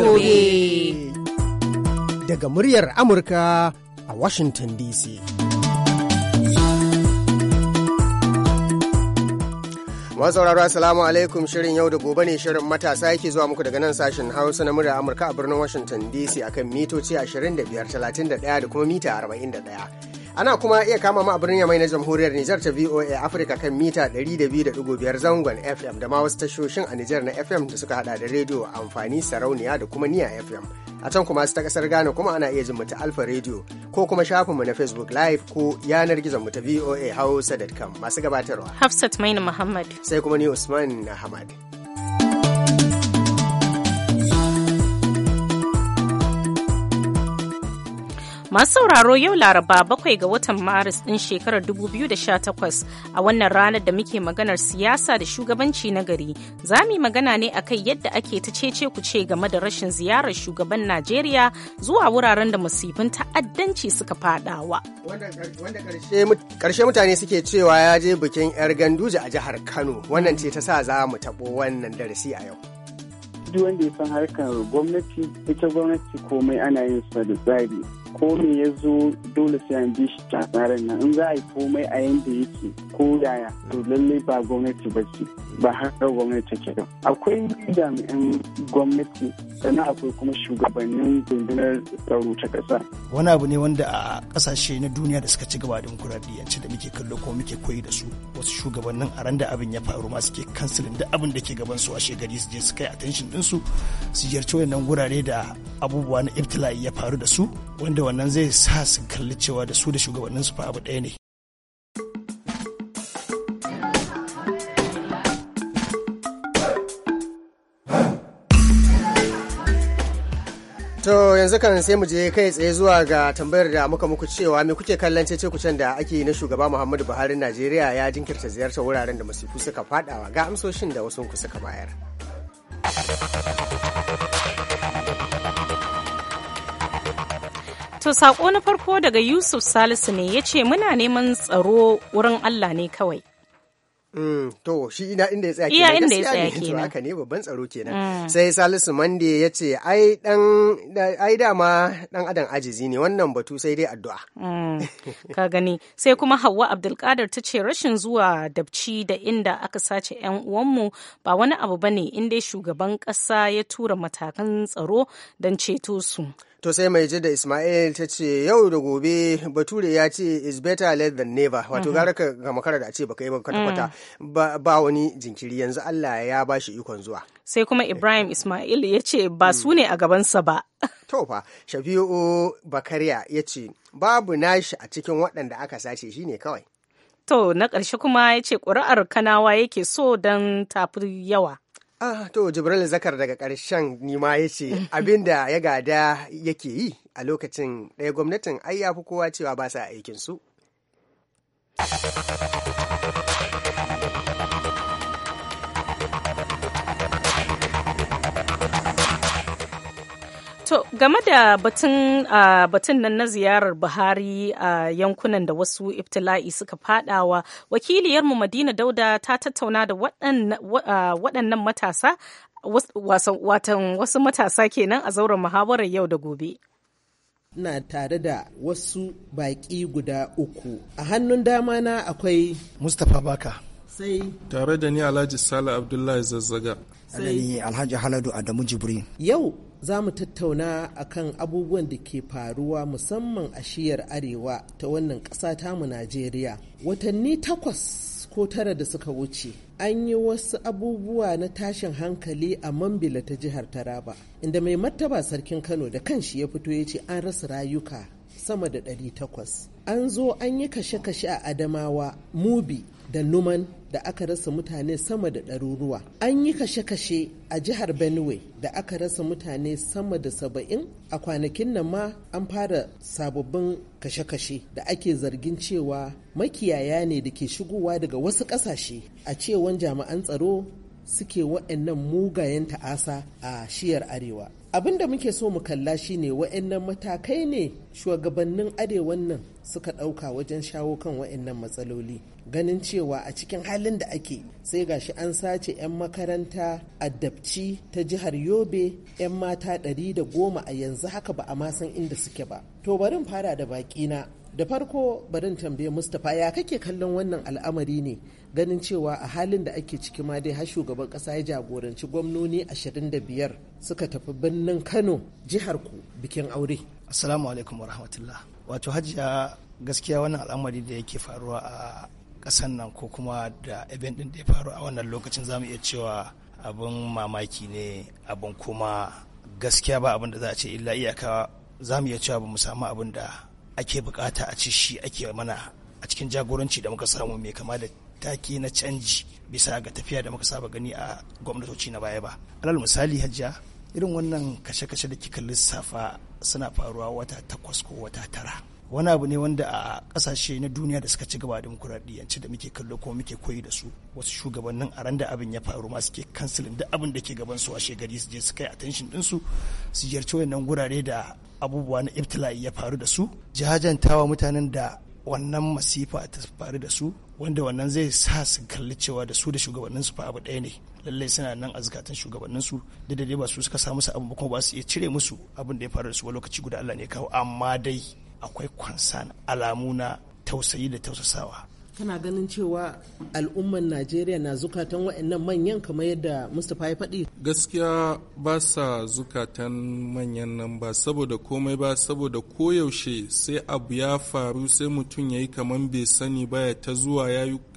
gobe. Daga muryar Amurka a Washington DC. Masu sauraro Assalamu alaikum shirin yau da gobe ne shirin matasa yake zuwa muku daga nan sashen Hausa na murya Amurka a birnin Washington DC akan mitoci 25, 31 da kuma mita 41. Ana kuma iya kama mu a birnin Yamai na Jamhuriyar Nijar ta VOA Africa kan mita 200.5 zangon FM da ma wasu tashoshin a Nijar na FM da suka hada da rediyo amfani sarauniya da kuma niya FM. A can kuma su ta kasar Ghana kuma ana iya jin mu ta Alfa Radio ko kuma shafin mu na Facebook Live ko yanar gizon mu ta VOA Hausa.com masu gabatarwa. Hafsat Maina Muhammad. Sai kuma ni Usman Ahmad. Masu sauraro yau Laraba bakwai ga watan Maris ɗin shekarar 2018 a wannan ranar da muke maganar siyasa da shugabanci na gari. Za mu magana ne akan yadda ake ta cece ce game da rashin ziyarar shugaban Najeriya zuwa wuraren da musibin ta'addanci suka fadawa. Wanda karshe mutane suke cewa ya je bikin 'yar ganduje a jihar Kano. Wannan ce ta sa za mu taɓo wannan darasi a yau. Duk wanda ya san harkar gwamnati, ita gwamnati komai ana yin su da tsari. ko me ya zo dole sai an bi shi tsarin nan in za a yi komai a yanda yake ko yaya to lalle ba gwamnati ba ce ba haka gwamnati ke da akwai jami'an gwamnati sannan akwai kuma shugabannin rundunar tsaro ta ƙasa. wani abu ne wanda a ƙasashe na duniya da suka ci gaba da yanci da muke kallo ko muke koyi da su wasu shugabannin a ran da abin ya faru ma suke kansilin da abin da ke gaban su a shekari su je su kai attention ɗinsu su ziyarci wannan gurare da abubuwa na ibtila'i ya faru da su wanda wanda wannan zai sa su kalli cewa da su da shugabannin su fa abu ɗaya ne To yanzu kan sai mu je kai tsaye zuwa ga tambayar da muka muku cewa me kuke kallon cece kucen da ake yi na shugaba Muhammadu Buhari Najeriya ya jinkirta ziyartar wuraren da masifu suka fadawa ga amsoshin da wasu ku suka bayar. wato saƙo na farko daga Yusuf Salisu ne ya ce muna neman tsaro wurin Allah ne kawai. Mm, to shi ina inda ya tsaya kenan inda ya tsaya kenan haka ne babban tsaro kenan mm. sai Salisu Mande ya ce ai dan ai dama dan adam ajizi ne wannan batu sai dai addu'a mm. ka gani sai kuma Hauwa Abdulkadir ta ce rashin zuwa dabci da inda aka sace yan uwanmu ba wani abu bane inda shugaban kasa ya tura matakan tsaro don ceto su to sai mai da ismail ta ce yau da gobe bature ya ce is better late than never wato mhm. gara ka ga makara da a ce baka yi ba kwata kwata mm. ba wani jinkiri yanzu allah ya ba shi ikon zuwa sai kuma ibrahim eh. ismail ya ce ba mm. su ne a gabansa ba to fa shafi'u bakariya ya ce babu nashi a cikin waɗanda aka sace shi ne kawai to na ƙarshe kuma ya ce ƙuri'ar kanawa yake so don tafi yawa Ah, to Jibril Zakar daga ƙarshen nima ya ce abinda ya gada yake yi a lokacin ɗaya gwamnatin ai ya fi kowa cewa ba sa aikinsu. To game da ah, batun nan na ziyarar Buhari a yankunan da wasu iftila'i suka fadawa wakiliyarmu Madina Dauda ta tattauna da ah, waɗannan matasa watan wasu matasa kenan a zauren muhawarar yau da gobe. na tare da wasu baƙi guda uku a hannun dama na akwai mustapha baka sai tare da ni alhaji sala abdullahi zazzaga sai alhaji haladu adamu jibrin yau za mu tattauna kan abubuwan da ke faruwa musamman a shiyar arewa ta wannan ƙasa tamu najeriya watanni takwas ko tara da suka wuce an yi wasu abubuwa na tashin hankali a mambila ta jihar taraba inda mai martaba sarkin kano da kan shi ya fito ya ce an rasa rayuka sama da 800 an zo an yi kashe-kashe a adamawa mubi da numan da aka rasa mutane sama da ɗaruruwa an yi kashe-kashe a jihar benue da aka rasa mutane sama da saba'in a kwanakin nan ma an fara sababbin kashe-kashe da ake zargin cewa makiyaya ne da ke shigowa daga wasu ƙasashe a cewan jami'an tsaro suke waɗannan mugayen ta'asa a shiyar arewa abin da muke so mu kalla shine wa'annan matakai ne shugabannin arewan nan suka ɗauka wajen shawo kan wa'annan matsaloli ganin cewa a cikin halin da ake sai gashi an sace 'yan makaranta adabci ta jihar yobe 'yan mata 110 a yanzu haka ba a ma san inda suke ba to bari fara da na. da farko barin tambaye mustapha ya kake kallon wannan al'amari ne ganin cewa a halin da ake ciki ma dai har shugaban kasa ya jagoranci gwamnoni 25 suka tafi birnin kano jihar ku bikin aure assalamu alaikum warahmatullah wato hajiya gaskiya wannan al'amari da yake faruwa a kasan nan ko kuma da event din da ya faru a wannan lokacin zamu iya cewa abin mamaki ne abin kuma gaskiya ba abin da za a ce illa iyaka zamu iya cewa ba mu samu abin da ake bukata a ce shi ake mana a cikin jagoranci da muka samu mai kama da taki na canji bisa ga tafiya da muka saba gani a gwamnatoci na baya ba alal misali hajja irin wannan kashe-kashe da kika lissafa suna faruwa wata takwas ko wata tara wani abu ne wanda a kasashe na duniya da suka ci gaba da demokuraɗiyyance da muke kallo ko muke koyi da su wasu shugabannin a ran da abin ya faru ma suke kansilin duk abin da ke gaban su a shegari su je su kai attention din su su ziyarci wannan gurare da abubuwa na ibtila'i ya faru da su jajantawa mutanen da wannan masifa ta faru da su wanda wannan zai sa su kalli cewa da su da shugabannin su fa abu ɗaya ne lallai suna nan a zukatan shugabannin su da da ba su suka sa musu abu kuma ba su iya cire musu abin da ya faru da su lokaci guda Allah ne kawo amma dai akwai kwansan alamu na tausayi da tausasawa kana ganin cewa al'umman najeriya na zukatan wa'annan manyan kamar yadda mustapha ya faɗi gaskiya ba sa zukatan manyan nan ba saboda komai ba saboda koyaushe sai abu ya faru sai mutum ya yi kamar bai sani ba ya ta zuwa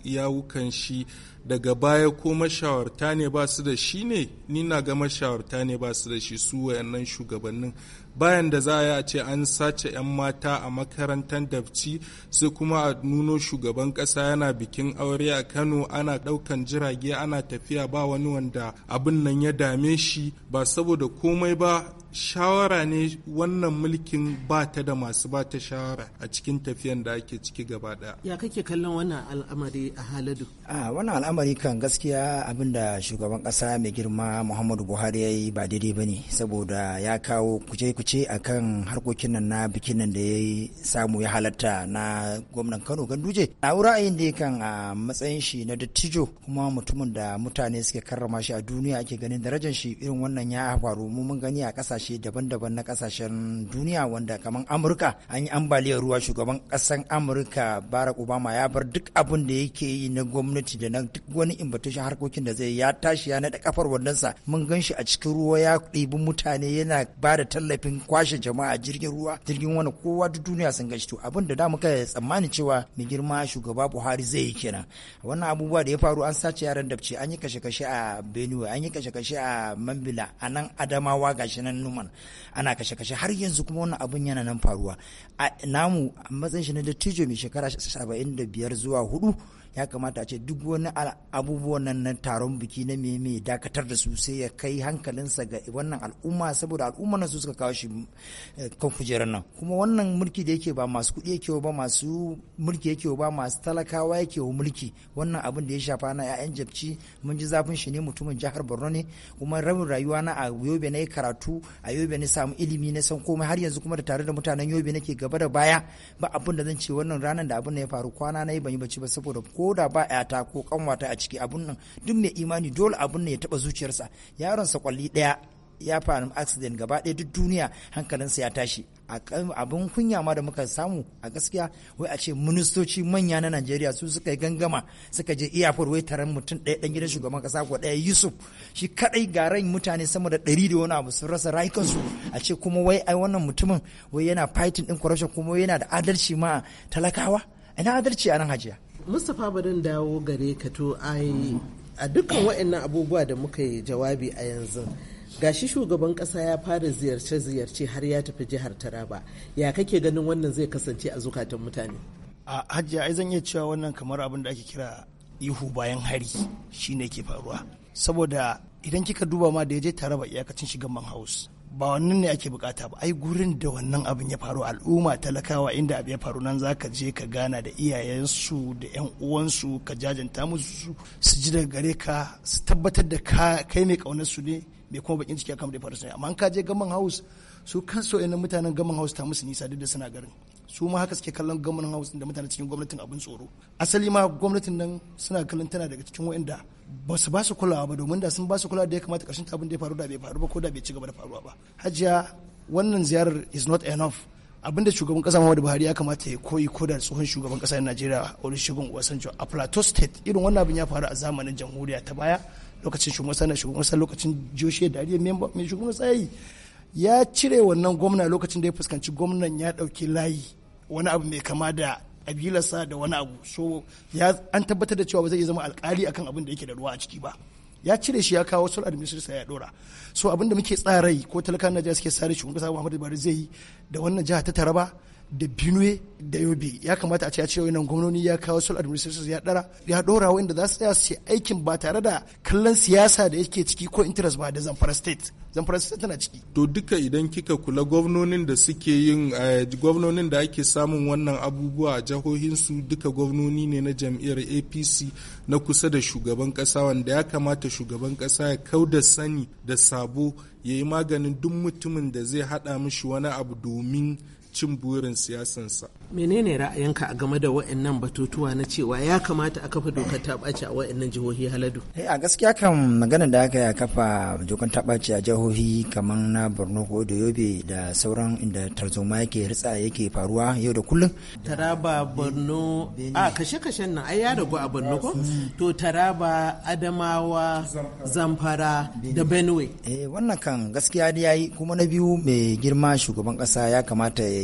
ya wukan shi daga baya ko mashawarta ne ba su da shi ne ni na ga mashawarta ne ba su da shi su wayannan shugabannin bayan da za a a ce an sace 'yan mata a makarantar dabci sai kuma a nuno shugaban kasa yana bikin aure a kano ana daukan jirage ana tafiya ba wani wanda abin nan ya dame shi ba saboda komai ba shawara ne wannan mulkin ba ta da masu ba ta shawara a cikin tafiyan da ake ciki gaba daya ya kake kallon wannan al'amari a haladu a wannan al'amari kan gaskiya abin da shugaban ƙasa mai girma muhammadu buhari ya yi ba daidai ba ne saboda ya kawo kuce-kuce a kan harkokin nan na bikin nan da ya samu ya halatta na gwamnan kano ganduje a ra'ayin da kan a matsayin shi na dattijo kuma mutumin da mutane suke karrama shi a duniya ake ganin darajar shi irin wannan ya faru mu mun gani a ƙasashe. kasashe daban-daban na kasashen duniya wanda kamar amurka an yi ambaliyar ruwa shugaban kasan amurka barack obama ya bar duk abin da yake yi na gwamnati da na duk wani invitation harkokin da zai ya tashi ya naɗa kafar sa. mun gan shi a cikin ruwa ya ɗibi mutane yana ba da tallafin kwashe jama'a jirgin ruwa jirgin wani kowa duk duniya sun gashi to abin da da muka tsammani cewa mai girma shugaba buhari zai yi kenan wannan abubuwa da ya faru an sace yaran dabce an yi kashe-kashe a benue an yi kashe-kashe a mambila a nan adamawa gashi nan mana ana kashe kashe har yanzu kuma wannan abun yana nan faruwa namu a matsayin shi na dattijo mai shekara 75 zuwa hudu ya kamata a ce duk wani abubuwan nan taron biki na meme dakatar da su sai ya kai hankalinsa ga wannan al'umma saboda al'umma nan su suka kawo shi eh, kan kujerar nan kuma wannan mulki da yake ba masu kuɗi yake ba masu mulki yake ba masu talakawa yake wa mulki wannan abin da ya shafa na 'ya'yan jabci mun ji zafin shi ne mutumin jihar borno ne kuma rabin rayuwa na a yobe na yi karatu a yobe na samu ilimi na san komai har yanzu kuma da tare da mutanen yobe nake gaba da baya ba abin da zan ce wannan ranar da abin da ya faru kwana na yi ban yi bacci ba saboda ko da ba yata ko kanwata a ciki abun nan duk mai imani dole abun nan ya taba zuciyarsa yaron sa kwalli daya ya faru accident gaba ɗaya duk duniya hankalinsa ya tashi abin kunya ma da muka samu a gaskiya wai a ce ministoci manya na najeriya su suka yi gangama suka je iyafur wai taron mutum ɗaya ɗan gidan shugaban ƙasa ko ɗaya yusuf shi kaɗai garan mutane sama da ɗari da wani abu sun rasa rayukansu a ce kuma wai ai wannan mutumin wai yana fighting ɗin corruption kuma yana da adalci ma talakawa ina adalci a nan hajiya mustapha barin dawo gare ka to a dukkan waɗannan abubuwa da muka yi jawabi a yanzu gashi shugaban kasa ya fara ziyarce-ziyarce har ya tafi jihar taraba ya kake ganin wannan zai kasance a zukatan mutane a Hajji, ai zan iya cewa wannan kamar abin da ake kira ihu bayan hari shine ke faruwa saboda idan kika duba ma da ya je taraba iyakacin shigan man house ba wannan ne ake bukata ba ai gurin da wannan abin ya faru al'umma talakawa inda abin ya faru nan zaka je ka gana da iyayensu da yan uwansu ka jajanta musu su ji daga gare ka su tabbatar da kai mai kaunar su ne mai kuma bakin ciki akan da ya faru sai amma an ka je gaman house su kan so wayannan mutanen gaman house ta musu nisa duk da suna garin su ma haka suke kallon gaman house da mutanen cikin gwamnatin abin tsoro asali ma gwamnatin nan suna kallon tana daga cikin wa'inda. ba su ba su kulawa ba domin da sun ba su kulawa da ya kamata karshen abin da ya faru da bai faru ba ko da bai ci gaba da faruwa ba hajiya wannan ziyarar is not enough abinda shugaban kasa Muhammadu Buhari ya kamata ya koyi ko da tsohon shugaban kasa na Najeriya Olusegun Obasanjo a Plateau State irin wannan abin ya faru a zamanin jamhuriya ta baya lokacin shugaban kasa na shugaban kasa lokacin Joshua Dariye mai shugaban kasa ya cire wannan gwamna lokacin da ya fuskanci gwamnan ya dauki layi wani abu mai kama da kabilarsa da wani abu so ya an tabbatar da cewa ba zai iya zama alkali akan abin da yake da ruwa a ciki ba ya cire shi ya kawo sul administrator ya dora so abin da muke tsarai ko talakan najeriya suke sare shugaban kasa muhammadu buhari zai yi da wannan jiha ta taraba da Benue da Yobe ya kamata a ce a ce wannan gwamnoni ya kawo sul administrators ya dara ya dora wanda za su tsaya su ce aikin ba tare da kallon siyasa da yake ciki ko interest ba da Zamfara state Zamfara state tana ciki to duka idan kika kula gwamnonin da suke yin eh, gwamnonin da ake samun wannan abubuwa a jahohin su duka gwamnoni ne na jam'iyyar APC na kusa da shugaban kasa wanda ya kamata shugaban kasa ya kauda sani da sabo ya yi maganin duk mutumin da zai haɗa mishi wani abu domin cin burin siyasansa. Menene ra'ayinka a game da wa'annan batutuwa na cewa ya kamata a kafa dokar ta a wa'annan jihohi haladu? Eh, a gaskiya kan magana da aka kafa dokar ta ɓaci a jihohi kamar na Borno ko da Yobe da sauran inda tarzoma yake ritsa yake faruwa yau da kullum. Taraba Borno a kashe-kashen nan ai ya ragu a Borno ko? To Taraba Adamawa Zamfara da Benue. Eh, wannan kan gaskiya da yayi kuma na biyu mai girma shugaban ƙasa ya kamata ya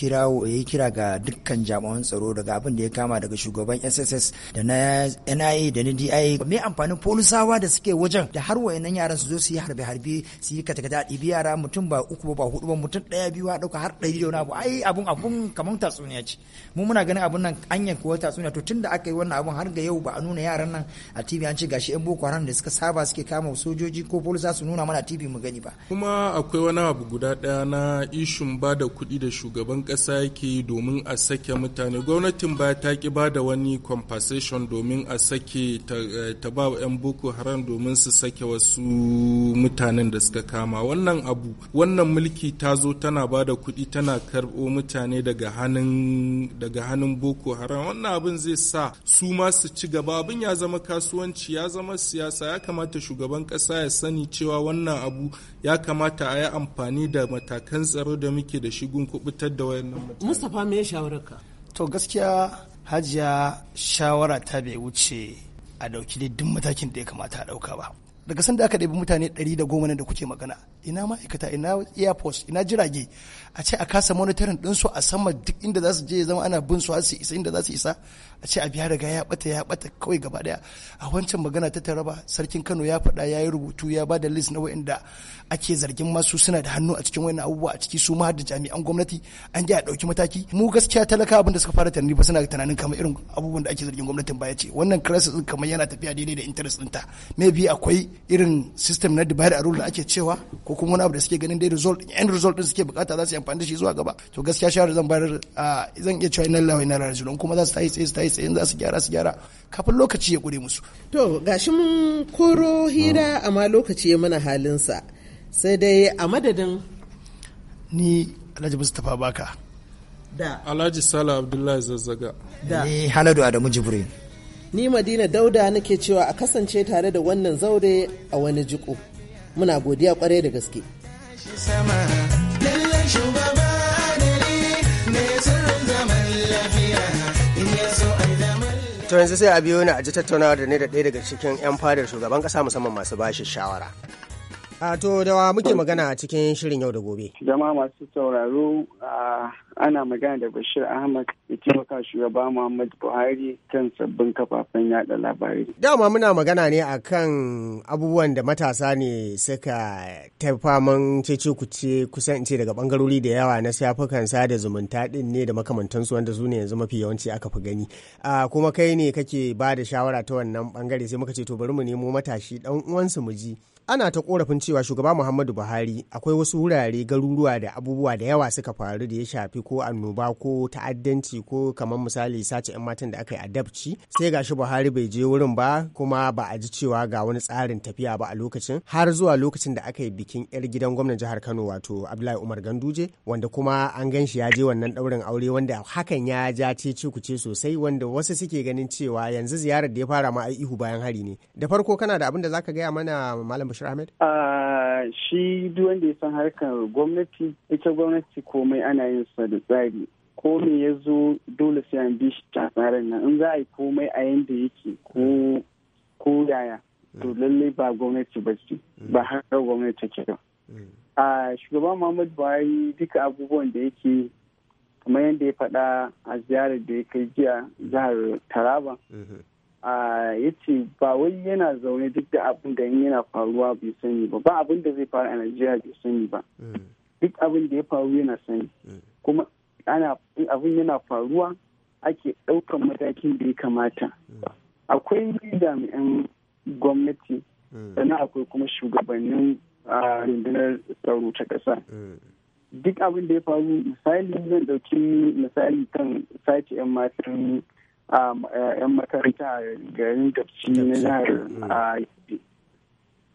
kirawo ya yi kira ga dukkan jami'an tsaro daga abin da ya kama daga shugaban SSS da na NIA da na DIA me amfanin polisawa da suke wajen da har wayannan yaran su zo su yi harbe harbe su yi katakata a ɗibi yara mutum ba uku ba hudu ba mutum ɗaya biyu a ɗauka har ɗari da wani abu ai abun abun kamar tatsuniya ce mu muna ganin abun nan anyan kuwa tatsuniya to tunda aka yi wannan abun har ga yau ba a nuna yaran nan a TV an ce gashi yan boko haram da suka saba suke kama sojoji ko polisa su nuna mana TV mu gani ba kuma akwai wani abu guda ɗaya na ishun ba da kuɗi da shugaban ƙasa yake domin a sake mutane gwamnatin ba ta ƙi ba da wani compensation domin a sake ta eh, ba 'yan boko haram domin su sake wasu mutanen da suka kama wannan abu wannan mulki ta zo tana ba da kuɗi tana karɓo mutane daga hannun boko haram wannan abin zai sa su ma su ci gaba abin ya zama kasuwanci ya zama siyasa ya kamata shugaban ƙasa ya sani cewa wannan abu ya kamata a yi amfani da matakan tsaro da muke da shi kuɓutar da da Mustapha me shawararka to gaskiya hajiya shawara ta bai wuce a dauki duk matakin da ya kamata a dauka ba daga sanda aka ɗabi mutane ɗari goma nan da kuke magana ina ma'aikata ina force, ina jirage a ce a kasa monitorin ɗinsu a sama duk inda za su je zama ana bin su har su isa inda za su isa a ce abu ya riga ya bata ya bata kawai gaba daya a wancan magana ta taraba sarkin kano ya faɗa ya yi rubutu ya ba da list na wa'inda ake zargin masu suna da hannu a cikin wani abubuwa a ciki su ma da jami'an gwamnati an ji a ɗauki mataki mu gaskiya talaka abin da suka fara tunani ba suna tunanin kamar irin abubuwan da ake zargin gwamnatin ya ce wannan crisis din kamar yana tafiya daidai da interest ta maybe akwai irin system na divide and rule da ake cewa ko kuma wani abu da suke ganin dai result end result din suke bukata za su yi amfani da shi zuwa gaba to gaskiya shawara zan bayar ah, zan iya cewa inna lillahi wa inna ilaihi raji'un kuma za su tayi tsaye su tayi tsaye za su gyara su gyara kafin lokaci ya gure musu. To gashi mun koro hira mm. amma lokaci ya mana halinsa sai dai a madadin. Ni Alhaji Mustapha Baka. Da. Alhaji Sala Abdullahi Zazzaga. Da. Ni eh, Haladu Adamu Jibrin. Ni Madina Dauda nake cewa a kasance tare da wannan zaure a wani jiko. Muna godiya kwarai da gaske. To yanzu sai a biyo ni a ji tattaunawa da ne da ɗaya daga cikin 'yan fadar shugaban ƙasa musamman masu bashi shawara. A to dawa muke magana a cikin shirin yau da gobe. Dama masu sauraro ana magana da Bashir Ahmad da taimaka shugaba Muhammad Buhari kan sabbin kafafen yada labarai. Dama muna magana ne akan abubuwan da matasa ne suka man cece kuce kusan ce daga bangarori da yawa na shafukan sada zumunta din ne da makamantansu wanda su ne yanzu mafi yawanci aka fi gani. kuma kai ne kake ba da shawara ta wannan bangare sai muka ce to bari mu nemo matashi dan uwansu mu ji ana ta korafin cewa shugaba muhammadu buhari akwai wasu wurare garuruwa da abubuwa da yawa suka faru da ya shafi ko annoba ko ta'addanci ko kamar misali sace 'yan matan da aka yi adabci sai ga shi buhari bai je wurin ba kuma ba a ji cewa ga wani tsarin tafiya ba a lokacin har zuwa lokacin da aka yi bikin 'yar gidan gwamnan jihar kano wato abdullahi umar ganduje wanda kuma an gan shi ya je wannan daurin aure wanda hakan ya ja ce sosai wanda wasu suke ganin cewa yanzu ziyarar da ya fara ma ihu bayan hari ne da farko kana da abin da zaka gaya mana malam Bashir Ahmed? Ah, shi duk wanda ya san harkar gwamnati, ita gwamnati komai ana yin sa da tsari. ko me ya zo dole sai an bi shi ta tsarin nan in za a yi komai a yanda yake ko ko yaya to mm. lalle ba gwamnati ba ce mm. ba har gwamnati take ba mm. a ah, shugaban muhammadu buhari duka abubuwan da yake kamar yadda ya faɗa a ziyarar da ya kai jiya jihar taraba mm-hmm. ya ce ba wai yana zaune duk da abin da yana faruwa bai sani ba ba abin da zai faru a najeriya bai sani ba mm. duk abin da ya faru yana sani mm. kuma abin yana faruwa ake ɗaukan matakin da ya kamata mm. akwai jami'an gwamnati sannan akwai kuma shugabannin rundunar tsaro ta ƙasa duk abin da ya faru misali zan ɗauki misali kan sace 'yan matan 'yan makaranta garin gabci na jihar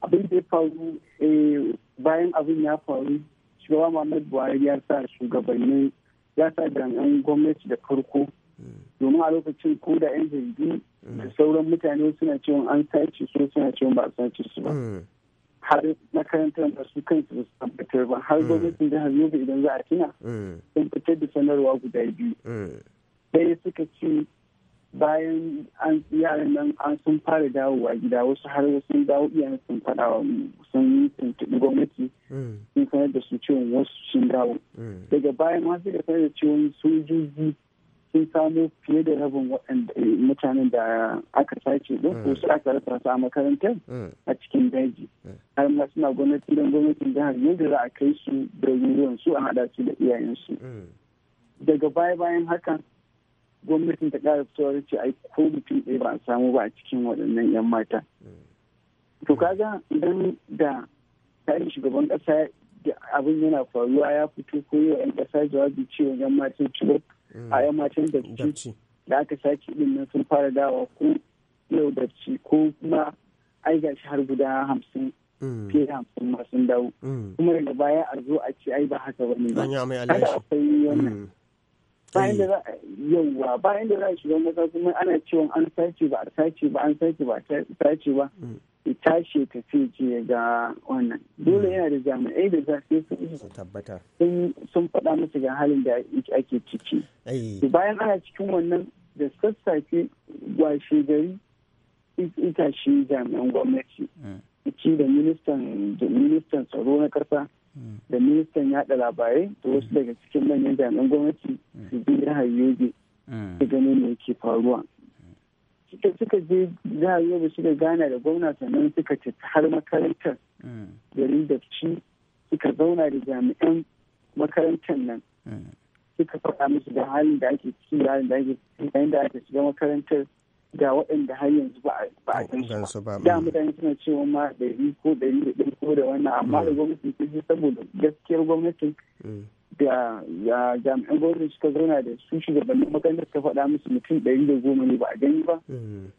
abin da ya faru eh, bayan abin ya faru shugaba muhammadu buhari ya sa shugabannin ya sa jami'an gwamnati da farko domin a lokacin ko da 'yan jaridu da sauran mutane suna cewa an sace su suna cewa ba a sace su ba mm. har makarantar da su kansu su tabbatar ba har mm. gwamnatin jihar yobe idan za a tuna mm. sun fitar da sanarwa guda biyu ɗaya suka ce bayan an yaran nan an sun fara a gida wasu har wasu dawo iyayen sun fada sun tuntuɓi gwamnati mm. sun sanar da su ciwon wasu sun dawo mm. daga bayan ma suka sanar da ciwon sojoji sun samo fiye da rabin waɗanda eh, mutanen da aka sace don mm. ko su aka rasa su a makarantar a cikin daji har ma suna gwamnati don gwamnatin jihar yadda za a kai su da yiwuwan su a haɗa su da iyayensu daga baya bayan hakan gwamnatin ta kara fitowa ta ce ai ko mutum ɗaya ba a samu ba a cikin waɗannan 'yan mata to kaga idan da tarihin shugaban ƙasa da abin yana faruwa ya fito ko wa ƴan ƙasa jawabi cewa 'yan matan ciwo a 'yan matan da da aka sake ɗin nan sun fara dawa ko yau da ci ko kuma ai shi har guda hamsin mm. fiye da hamsin ma dawo mm. kuma daga baya a zo a ce ai ba haka ba ne ba akwai wannan mm. bayan da eh. za a yauwa bayan da za a shiga maza kuma ana cewa an sace ba a sace ba an sace ba a sace ba mm. tashi ta ce ga wannan dole mm. yana da jami'ai da za su sun faɗa musu ga halin da ake ciki eh. bayan ana cikin wannan da sassafe washe gari shi jami'an gwamnati ciki mm. da ministan tsaro na ƙasa da ministan yaɗa labarai da wasu daga cikin manyan jami'an gwamnati su bi jihar yobe su gani me yake faruwa suka suka je jihar yobe suka gana da gwamna sannan suka ce har makarantar garin da ci suka zauna da jami'an makarantar nan suka faɗa musu da halin da ake ciki da halin da ake ciki da aka shiga makarantar ga waɗanda har yanzu ba a kan su ba mm. da mutane suna cewa ma ɗari ko ɗari da ɗari ko da wannan amma da mm. gwamnati ta ji saboda gaskiyar gwamnatin mm. da jami'an gwamnati suka zauna da su shugabannin makarantar ta faɗa musu mutum ɗari da goma ne ba a gani ba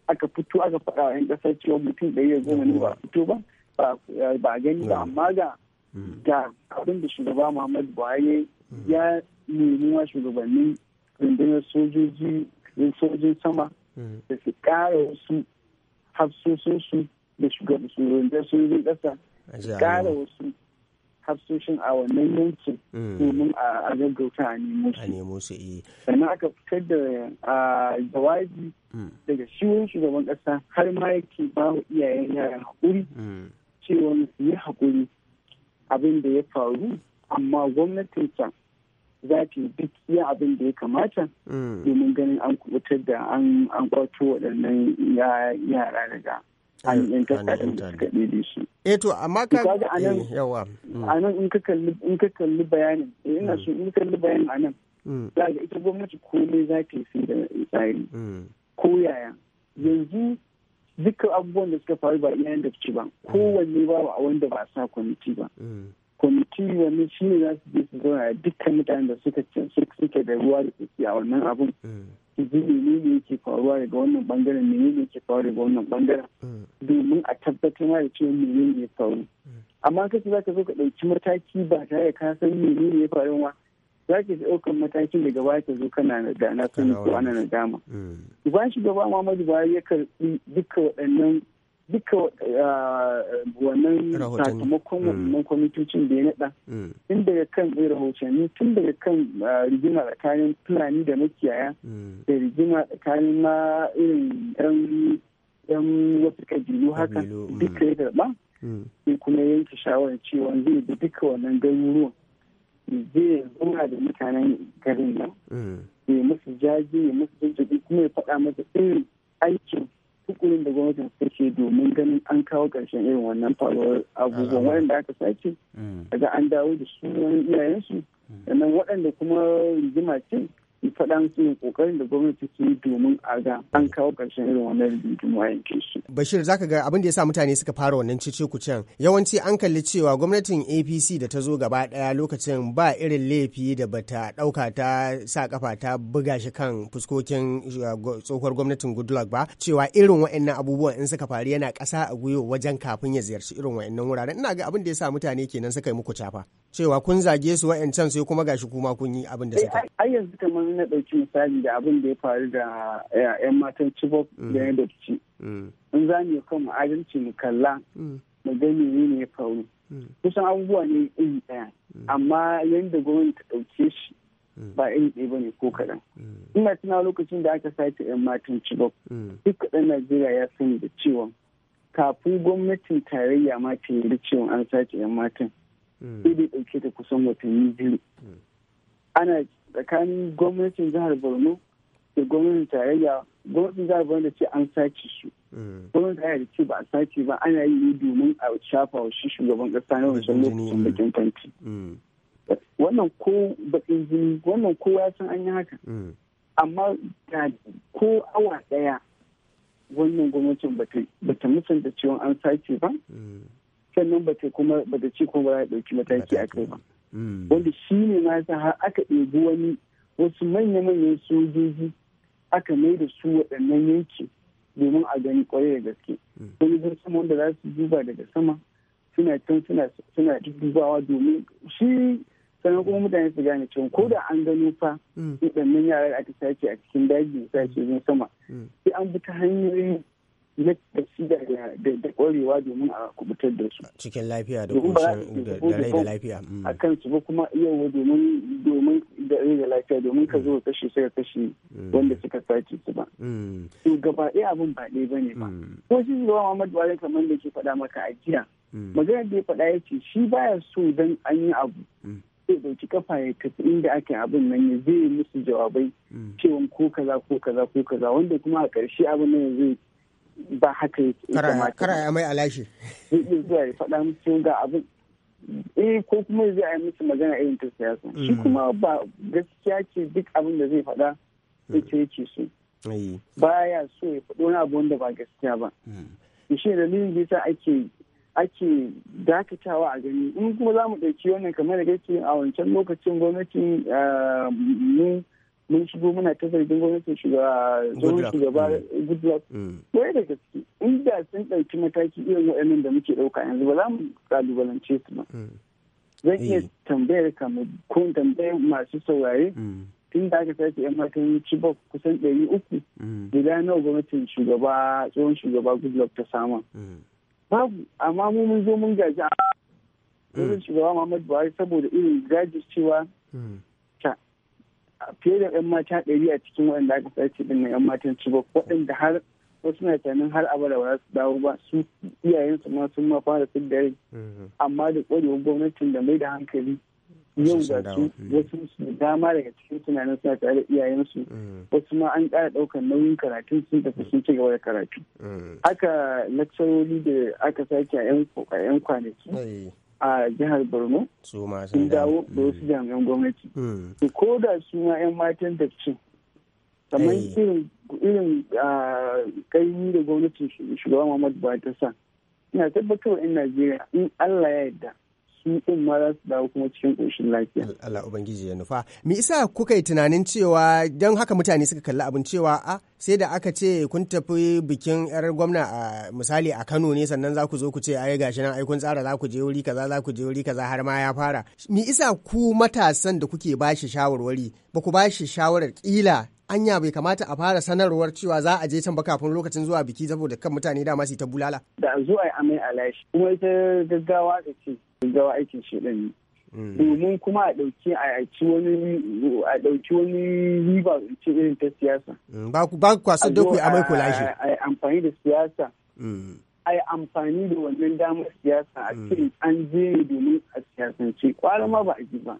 aka fito aka faɗa wa 'yan ƙasar cewa mutum ɗari da goma ne ba a fito ba ba a gani ba amma ga ga abin da shugaba muhammadu buhari ya nemi wa shugabannin rundunar sojoji sojin sama da su kara wasu su da shugaban sun sojojin kasa su kara wasu hafsoshin a wannan yankin mm. domin a gaggauta a nemo su. Eh. Sannan aka fitar da jawabi mm. daga shiwon shugaban kasa har ma yake ba wa iyayen yaran haƙuri mm. cewa su yi haƙuri abin da ya faru amma gwamnatin can za ta yi duk iya abin da ya kamata mm. domin ganin an kubutar da an kwato waɗannan yara daga mm. hannun tattalin da suka su. Eto, eh amma ka eh, yawa. Mm. A nan in ka kalli bayanin eh, ina so in kalli bayanin anan. Za ga ita gwamnati komai za ta yi da tsari. yanzu dukkan abubuwan da suka faru ba iya yanda ci ba kowanne ba a wanda ba sa kwamiti ba. kwamiti wani shi za su je su zauna dukkan mutanen da suka suke da ruwa da suke a wannan abun su ji menene yake faruwa daga wannan bangaren menene yake faruwa daga wannan bangaren domin a tabbatar ma da cewa menene ya faru amma kasu za ka zo ka ɗauki mataki ba tare da ka san menene ya faru ma za ka ɗaukar matakin daga baya ka zo kana da na sani ko ana nadama. Ba mm. shi gaba ma Buhari ya karɓi duka waɗannan duka uh, wannan sakamakon mm. wannan kwamitocin da ya naɗa mm. tun daga kan eh, rahotanni tun daga kan uh, rigima tsakanin fulani da makiyaya mm. da rigima tsakanin ma irin yan ɗan wasu kabilu haka duka ya karɓa sai kuma yanke shawarar cewa zai bi duka wannan garuruwan zai zama da mutanen garin nan ya musu jaji ya musu jajjabi kuma ya faɗa masa irin aikin tukurin da gwamnati take domin ganin an kawo ƙarshen irin wannan faruwar abubuwan waɗanda aka sace mm. daga an dawo da su wani iyayensu mm. sannan waɗanda kuma rigima ce faɗan su kokarin da gwamnati ke yi domin a ga an kawo ƙarshen irin wannan rigingimu a yankin su. Bashir zaka ga abin da ya sa mutane suka fara wannan cece can yawanci an kalli cewa gwamnatin APC da ta zo gaba ɗaya lokacin ba irin laifi da bata ɗauka ta sa kafa ta buga shi kan fuskokin eh, tsohuwar gwamnatin Goodluck ba cewa irin wa'annan abubuwan in suka faru yana ƙasa a gwiwa wajen kafin ya ziyarci irin wa'annan wuraren ina ga abin da ya sa mutane kenan suka yi muku cafa. cewa kun zage su wa'ancan sai kuma gashi kuma kun yi abin da eh, suka ai yanzu kamar na ɗauki misali da abin da ya faru da yan eh, matan Chibok mm. da ya dauki mm. in za mu kan mu adalci mu kalla mm. mu ga ne ya faru kusan abubuwa ne iri ɗaya amma yadda gwamnati ta ɗauke shi ba iri ɗaya ba ne ko kaɗan. Ina tuna lokacin da aka sace 'yan matan Chibok, duk kaɗan Najeriya ya sani da cewa kafin gwamnatin tarayya ma ta yarda cewa an sace 'yan matan. Mm. sai dai ɗauke ta kusan watanni biyu mm. ana tsakanin gwamnatin jihar borno da gwamnatin tarayya gwamnatin jihar borno da ce an sace shi mm. gwamnatin tarayya da ce ba a sace ba ana yi ne domin a shafa wa shi shugaban ƙasa na wancan lokacin bakin fanti wannan ko bakin jini wannan ko ya san an yi haka amma ko awa ɗaya wannan gwamnatin ba ta musanta cewa an sace ba sannan ba ta kuma ba ta ci kuma ba ta ɗauki mataki a kai ba wanda shi ne ma sa har aka ɗebi wani wasu manya-manyan sojoji aka mai da su waɗannan yanki domin a gani ƙwarai da gaske hmm. wani sama wanda za su duba daga sama suna can suna dubawa domin shi sannan kuma mutane su gane can ko da an gano fa hmm. waɗannan yaran da aka sace a cikin daji sace hmm. sama sai an bi ta hanyoyi na tsida da kwarewa domin a kubutar da su cikin lafiya da koshin da rai da lafiya mm. a kan su ba kuma yau domin domin da rai da lafiya domin ka mm. zo kashe suka kashe mm. wanda suka sace su ba to gaba ɗaya abin ba ɗaya bane ba ko shi zuwa Muhammad Buhari kamar da ke faɗa maka a jiya magana da ya faɗa ya ce shi baya so dan an yi abu sai dauki kafa ya tafi inda ake abin nan ya zai musu jawabai cewa ko kaza ko kaza ko kaza wanda kuma a ƙarshe abin nan zai ba haka yake kara mai alashi zuwa ya faɗa musu ga abin eh ko kuma zai yi musu magana irin ta siyasa shi mm. kuma ba gaskiya ce duk abin da zai faɗa ce su so baya so ya faɗo wani abu wanda ba gaskiya ba mm. shi dalilin da yasa ake ake dakatawa a gani in kuma za mu ɗauki wannan kamar da kake a wancan lokacin gwamnatin eh, mu mun shigo muna ta zargin gwamnatin shugaba shugaba mm. goodluck mm. wai da gaske inda sun ɗauki mataki irin waɗannan da muke ɗauka yanzu ba za mu kalubalance su ba mm. zan iya eh. tambayar kamar ko tambayar masu saurare tun da aka sace yan matan chibok kusan ɗari uku guda nawa gwamnatin shugaba tsohon shugaba goodluck ta sama babu amma mu mun zo mun gaji a shugaba muhammadu buhari saboda irin gajis cewa fiye da 'yan mata ɗari a cikin waɗanda aka sace din na 'yan matan Chibok waɗanda har wasu na tunanin har abada ba za su dawo ba su iyayensu ma sun ma fara sun da mhm. amma da ƙwarewar gwamnatin da mai da hankali yau ga su mhm. wasu dama daga cikin tunanin suna tare da iyayensu mhm. wasu ma an ƙara ɗaukar nauyin karatun sun tafi sun ci gaba da karatu aka lakcarori da aka sake a 'yan kwanaki a jihar borno sun dawo da wasu mm. jami'an gwamnati mm. ko da su ma 'yan matan da cin kamar eh. irin irin kaimi da gwamnatin shugaba muhammadu buhari ta sa ina tabbatar 'yan najeriya in allah ya yarda su ɗin ma za su dawo kuma cikin ƙoshin lafiya. Allah Ubangiji ya nufa. Me isa kuka yi tunanin cewa don haka mutane suka kalli abin cewa a sai da aka ce kun tafi bikin 'yar gwamna a misali a Kano ne sannan za ku zo ku ce ai gashi nan ai kun tsara za ku je wuri kaza za ku je wuri kaza har ma ya fara. Me isa ku matasan da kuke bashi shawarwari ba ku bashi shawarar kila anya bai kamata a fara sanarwar cewa za a je can ba kafin lokacin zuwa biki saboda kan mutane dama su ta bulala. Da zuwa zo a yi amai a lashi kuma ita gaggawa da ce sun zama aikin shedan ne domin kuma a ɗauki a ɗauki wani riba ce irin ta siyasa ba ku kwasa da ku amai kula shi a amfani da siyasa a yi amfani da wannan damar siyasa a ce an je ne domin a siyasance kwara ma ba a ji ba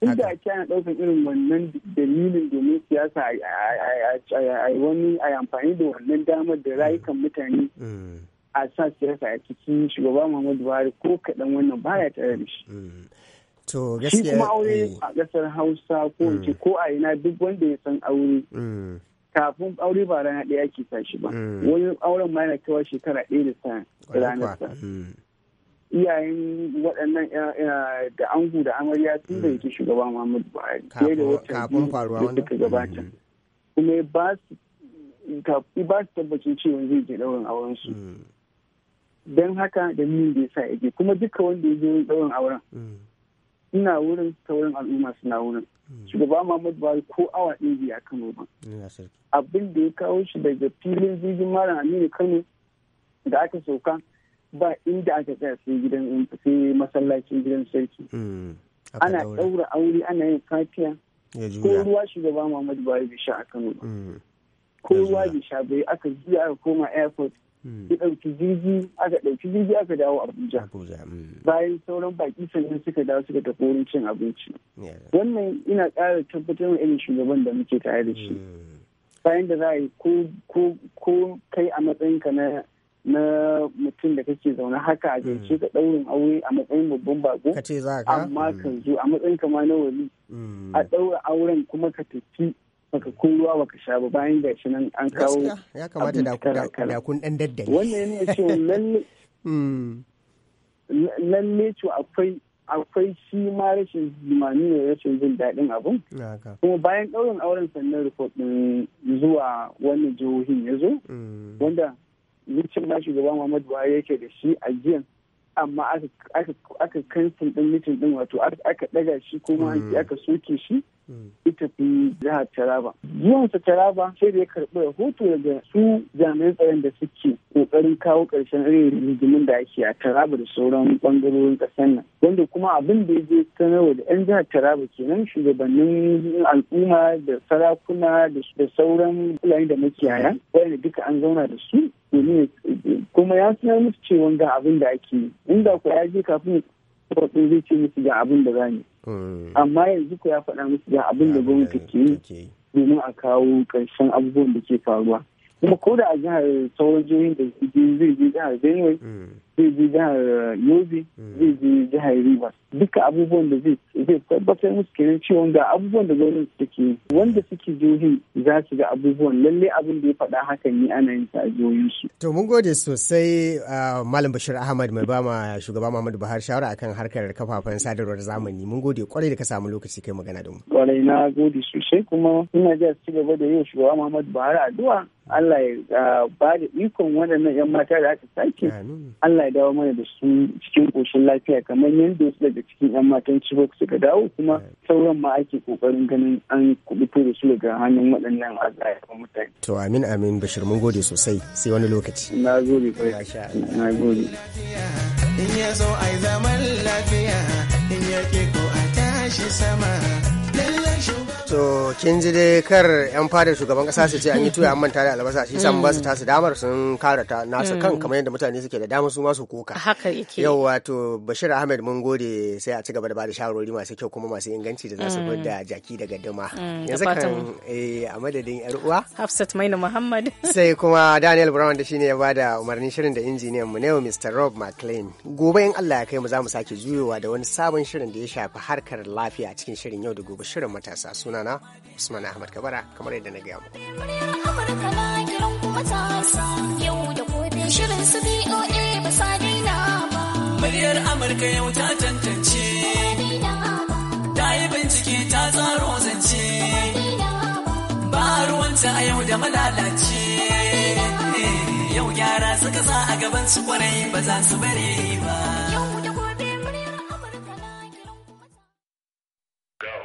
inda a kyana ɗaukar irin wannan dalilin domin siyasa a yi amfani da wannan damar da rayukan mutane a sa siyasa a cikin shugaba muhammadu buhari ko kaɗan wannan baya tare da shi mm. to shi kuma aure mm. a ƙasar hausa ko ce mm. ko a ina duk wanda ya san aure kafin aure ba rana ɗaya ke sa shi ba wani auren ma yana kawai shekara ɗaya da sa ranar sa iyayen waɗannan da angu da amarya sun da yake shugaba Muhammadu Buhari fiye da wata biyu da suka gabata kuma ba su tabbacin cewa zai je ɗaurin aurensu. su don haka da ni da yasa yake kuma duka wanda ya je a auren ina mm. wurin sauran al'umma suna wurin mm. shugaba Muhammad Buhari ko awa ɗin biya Kano ba abin da ya kawo shi daga filin jirgin a Aminu Kano da aka sauka ba inda aka tsaya sai gidan sai masallacin gidan sarki mm. ana ɗaura aure ana yin kafiya ko ruwa shugaba Muhammad Buhari bai sha a Kano ba ko ruwa bai sha bai aka juya aka koma airport Hmm. ya ɗauki jirgi aka ɗauki jirgi aka dawo abuja hmm. bayan sauran baƙi sannan suka dawo suka tafi wurin cin abinci wannan ina ƙara tabbatar wa irin shugaban da muke tare da shi hmm. bayan da za a yi ko kai a matsayinka na na mutum da kake zaune haka a gaishe ka ɗaurin aure a matsayin babban bako amma ka zo a matsayin kama na wali a ɗaura auren kuma ka tafi baka kun ruwa baka sha ba bayan ga shi nan an kawo ya kamata da kun dan daddare wannan ne ce lalle hmm. lalle to akwai akwai shi ma rashin jimani ne rashin jin daɗin abun kuma bayan ɗaurin auren sannan report ɗin zuwa wani jihohin ya zo hmm. wanda mutum ma shugaban Muhammadu Buhari yake da shi a jiya amma aka kansin ɗin mutum ɗin wato aka ɗaga shi kuma hmm. aka soke shi ita fi jihar Taraba. su Taraba sai da ya karɓi rahoto daga su jami'an tsaron da suke ƙoƙarin kawo ƙarshen irin rigimin da ake a Taraba da sauran ɓangarorin ƙasar nan. Wanda kuma abin da ya je sanarwa da 'yan jihar Taraba kenan shugabannin al'umma da sarakuna da sauran fulani da makiyaya waɗanda duka an zauna da su domin kuma ya sanar musu cewa ga abin da ake yi. Inda ku ya je kafin din zai ce musu ga abin da zani hmm. amma yanzu ku ya faɗa musu ga abin da gwamnati ke yi domin a kawo ƙarshen abubuwan da ke faruwa kuma ko da a jihar sauran jihohin da zai je jihar benue hmm. zai je jihar eh, yobe hmm. zai je jihar rivers duka abubuwan da zai tabbatar musu kenan cewa ga abubuwan da gwamnati take wanda suke jihohin za su ga abubuwan lalle abin da ya faɗa hakan ne ana yin sa su. to mun gode sosai ah, malam bashir ahmad mai bama shugaba muhammadu buhari shawara akan harkar kafafen sadarwar zamani mun gode kwarai da ka samu lokaci kai magana da mu. kwarai na gode sosai kuma ina ji a ci gaba da yau shugaba muhammadu buhari addu'a Allah ya ah, ba da ikon waɗannan 'yan mata da aka sake Allah ya dawo mana da su cikin ƙoshin lafiya kamar yadda wasu daga cikin 'yan matan Chibok suka dawo kuma sauran ma ake ƙoƙarin ganin an kubuto da su daga hannun waɗannan azayawan mutane. To amin amin Bashir mun gode sosai sai wani lokaci. Na gode kwarai. Na gode. In ya zo ai zaman lafiya in ya ko a tashi sama. Lallan so kin ji dai kar yan fadar shugaban kasa su ce an yi tuya an manta da albasa shi san ba tasu damar sun kara ta nasu kan kamar yadda mutane suke da damar su masu kuka koka haka yake yau wato Bashir Ahmed mun gode sai a ci gaba da bada shawarwari masu kyau kuma masu inganci da za su mm. da jaki daga duma mm, yanzu kan eh, a madadin yar uwa Hafsat Maina Muhammad sai kuma Daniel Brown da shine ya da umarnin shirin da injiniyan mu ne Mr Rob McLean gobe in Allah ya kai mu za mu sake juyowa da wani sabon shirin da ya shafi harkar lafiya cikin shirin yau da gobe shirin matasa suna sunana usman ahmad kabara kamar yadda na gaya muku muryar amurka yau ta tantance ta yi bincike ta tsaro zance ba ruwanta a yau da malalace yau gyara suka sa a gaban su kwarai ba za su bare ba